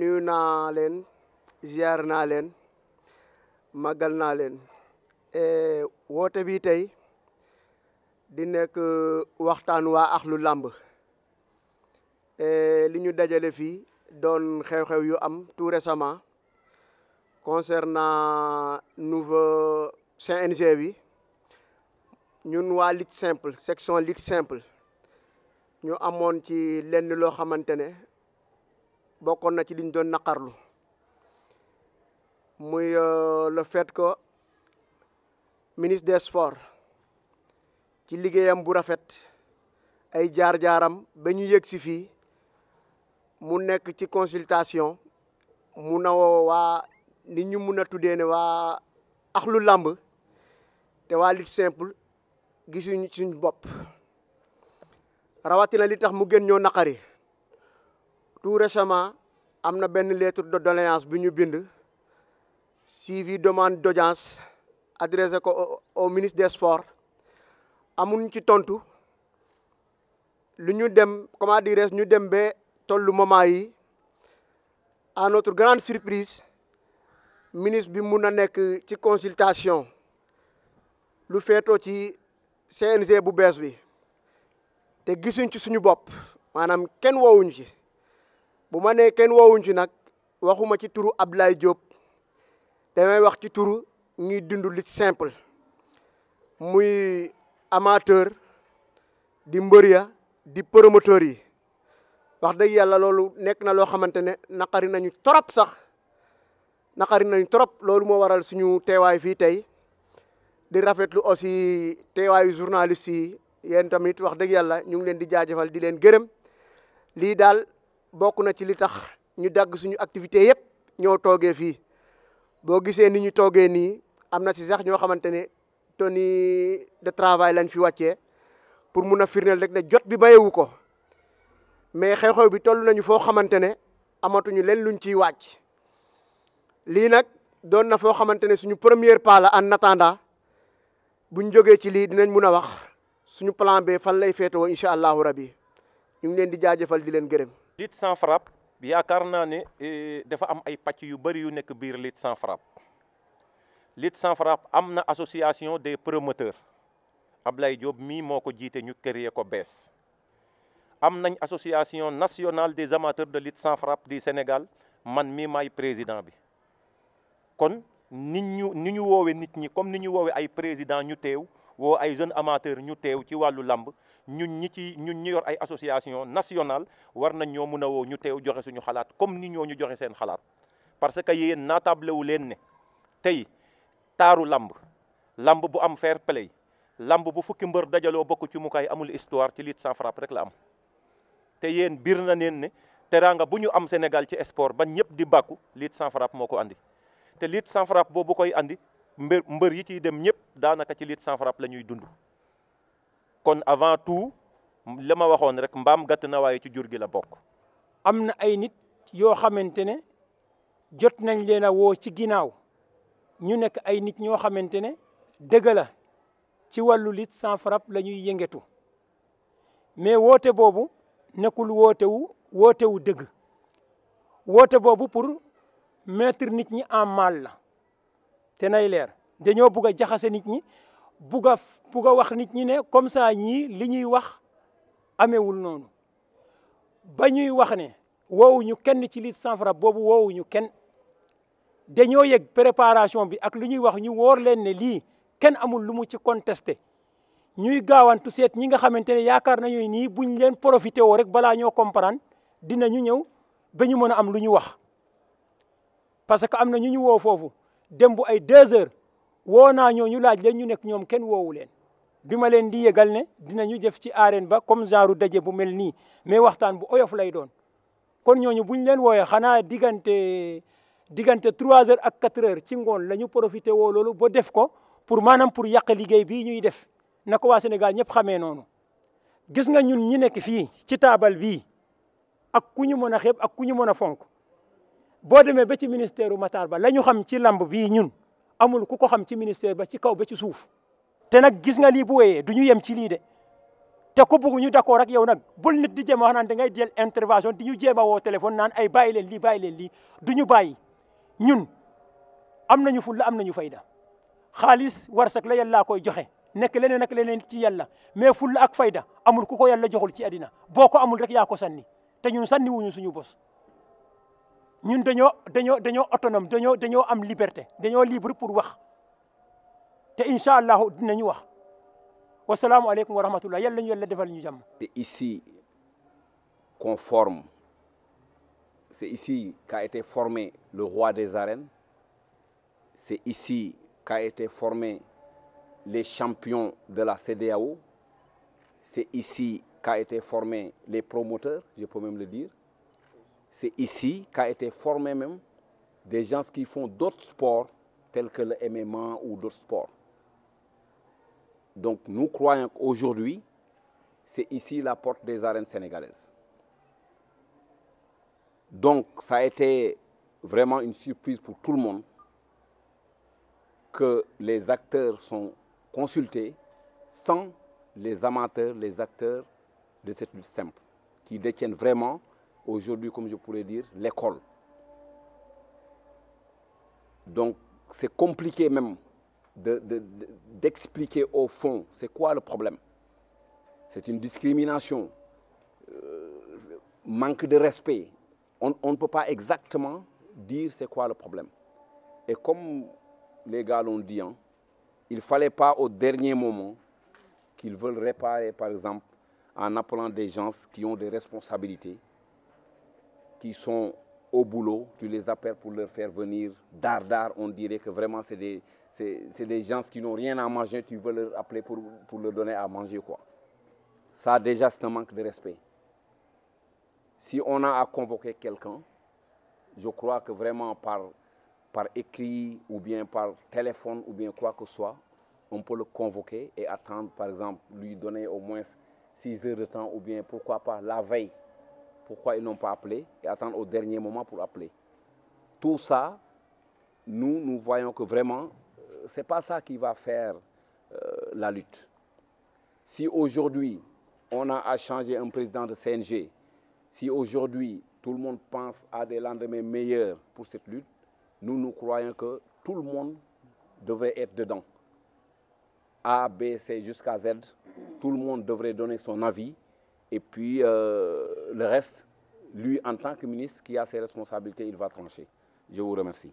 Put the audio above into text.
nuyu naa leen ziar naa leen màggal naa leen e, woote bi tey di nekk waxtaan waa axlu làmb e, li ñu dajale fii doon xew-xew yu am tout récemment concernant nouveau CNG bi ñun waa lutte simple section lutte simple ñu amoon ci lenn loo xamante ne bokkoon na ci liñ doon naqarlu muy euh, le fait ko ministre de sport ci liggéeyam bu rafet ay jaar-jaaram ba ñu yëg si fii mu nekk ci consultation mu nawoo waa nit ñu mun a tuddee ne waa axlu làmb te waa lutte simple gisuñ suñ bopp rawatina li tax mu gën ñoo naqari tout récemment am na benn lettre de doléance bu ñu bind suivi demande d'audience adressé ko au ministre des sports amuñ ci tontu lu ñu dem comment dirais ñu dem ba tollu moment yi à notre grande surprise ministre bi mun na nekk ci consultation lu feetoo ci CNG bu bees bi te gisuñ ci suñu bopp maanaam kenn wowuñu ci bu ma nee kenn woowuñ ci nag waxuma ci turu Abdoulaye Diop damay wax ci turu ñuy dund lutte simple muy amateur di mbër di promoteur yi wax dëgg yàlla loolu nekk na loo xamante ne naqari nañu trop sax naqari nañu trop loolu moo waral suñu teewaay fii tey di rafetlu aussi teewaayu journaliste yi yen tamit wax dëgg yàlla ñu ngi leen di jaajëfal di leen gërëm lii daal. bokk na ci li tax ñu dagg suñu activité yëpp ñoo toogee fii boo gisee ni ñu toogee nii am na ci sax ñoo xamante ne toni de travail lañ fi wàccee pour mun a firne rek ne jot bi bayewu ko mais xew-xew bi toll nañu foo xamante ne amatuñu leen luñ ciy wàcc lii nag doon na foo xamante ne suñu première pas la en buñ jógee ci lii dinañ mun a wax suñu plan B fan lay féetewoo incha allahu rabi ñu ngi leen di jaajëfal di leen gërëm. lutte sans frappe yaakaar naa ne eh, dafa am ay pàcc yu bëri yu nekk biir lutte sans frappe lutte sans frappe am na association des promoteurs Ablaye Diop mii moo ko jiite ñu créer ko bees am nañ association nationale des amateurs de lutte sans frappe du Sénégal man mii maay président bi kon ni ñu ni ñu woowee nit ñi comme ni ñu woowee ay président ñu teew woo ay jeunes amateurs ñu teew ci wàllu làmb ñun ñi ci ñun ñi yor ay association national war nañ ñoo mën a woo ñu teew joxe suñu xalaat comme ni ñoo ñu joxe seen xalaat parce que yéen naatable wu leen ne tey taaru lamb lamb bu am fair play lamb bu fukki mbër dajaloo bokk ci mukaay amul histoire ci lutte sans frappe rek la am te yéen biir na neen ne teraanga bu ñu am Sénégal ci sport ba ñëpp di bàkku lutte sans frappe moo ko andi te lutte sans frappe boobu koy andi mbër mbër yi ciy dem ñëpp daanaka ci lutte sans frappe la ñuy dund. kon avant tout la ma waxoon rek mbaam gàtt na waaye ci jur gi la bokk. am na ay nit yoo xamante ne jot nañ leen a woo ci ginnaaw ñu nekk ay nit ñoo xamante ne dëgg la ci wàllu lutte sans frappe la ñuy yëngatu mais woote boobu nekkul woote wu woote wu dëgg woote boobu pour mettre nit ñi en mal la te nay leer dañoo bugg a jaxase nit ñi. bugg a wax nit ñi ne comme ça ñii li ñuy wax amewul noonu ba ñuy wax ne woowuñu kenn ci lutte sans frappe boobu woowuñu kenn dañoo yeg préparation bi ak lu ñuy wax ñu wóor leen ne lii kenn amul lu mu ci contesté ñuy gaawantu seet ñi nga xamante ne yaakaar nañu nii buñ leen profité woo rek balaa ñoo dina ñu ñëw ba ñu mën a am lu ñu wax parce que am na ñu ñu woo foofu dem ay deux heures woo naa ñoo ñu laaj leen ñu nekk ñoom kenn woowu leen bi ma leen di yegal ne dinañu jëf ci arène ba comme genre daje bu mel nii mais waxtaan bu oyof lay doon kon ñooñu buñ leen wooyee xanaa diggante diggante trois heures ak quatre heures ci ngoon la ñu profité woo loolu ba def ko pour maanaam pour yàq liggéey bii ñuy def na ko waa Sénégal ñëpp xamee noonu gis nga ñun ñi nekk fii ci taabal bi ak ku ñu mën a xeeb ku ñu mën a fonk boo demee ba ci ministère u Matar Ba la ñu xam ci lamb bii ñun amul ku ko xam ci ministère ba ci kaw ba ci suuf te nag gis nga lii bu wéyee du ñu yem ci lii de te ku bugg ñu d'accord ak yow nag bul nit di jéem wax naan da ngay jël intervention di ñu jéem a woo téléphone naan ay bàyyi leen lii bàyyi leen lii du ñu bàyyi ñun am nañu fulla am nañu fayda xaalis warsak la yàlla koy joxe nekk leneen ak leneen ci yàlla mais fulla ak fayda amul ku ko yalla joxul ci àddina boo ko amul rek yaa ko sanni te ñun sanni wuñu suñu bos ñun dañoo dañoo dañoo autonome dañoo dañoo am liberté dañoo libre pour wax te incha allahu dinañu wax wasalaamualeykum wa rahmatullah yàlla ñu yàlla defal ñu jàmm. c'est ici qu'on forme c'est ici qu'a été formé le roi des arènes c'est ici qu'a été formé les champions de la CEDEAO c'est ici qu'a été formé les promoteurs je peux même le dire C'est ici qu'a été formé même des gens qui font d'autres sports tels que le MMA ou d'autres sports. Donc nous croyons qu'aujourd'hui, c'est ici la porte des arènes sénégalaises. Donc ça a été vraiment une surprise pour tout le monde que les acteurs sont consultés sans les amateurs, les acteurs de cette lutte simple, qui détiennent vraiment aujourd'hui, comme je pourrais dire, l'école. Donc, c'est compliqué même d'expliquer de, de, de, au fond c'est quoi le problème. C'est une discrimination, euh, manque de respect. On, on ne peut pas exactement dire c'est quoi le problème. Et comme les gars l'ont dit, hein, il ne fallait pas au dernier moment qu'ils veulent réparer, par exemple, en appelant des gens qui ont des responsabilités qui sont au boulot, tu les appelles pour leur faire venir dar dar. On dirait que vraiment, c'est des, c'est, des gens qui n'ont rien à manger, tu veux leur appeler pour, pour leur donner à manger. quoi. Ça, déjà, c'est un manque de respect. Si on a à convoquer quelqu'un, je crois que vraiment par, par écrit ou bien par téléphone ou bien quoi que ce soit, on peut le convoquer et attendre, par exemple, lui donner au moins 6 heures de temps ou bien pourquoi pas la veille pourquoi ils n'ont pas appelé et attendre au dernier moment pour appeler. Tout ça, nous, nous voyons que vraiment, euh, ce n'est pas ça qui va faire euh, la lutte. Si aujourd'hui, on a à changer un président de CNG, si aujourd'hui, tout le monde pense à des lendemains meilleurs pour cette lutte, nous, nous croyons que tout le monde devrait être dedans. A, B, C jusqu'à Z, tout le monde devrait donner son avis Et puis, euh, le reste, lui, en tant que ministre qui a ses responsabilités, il va trancher. Je vous remercie.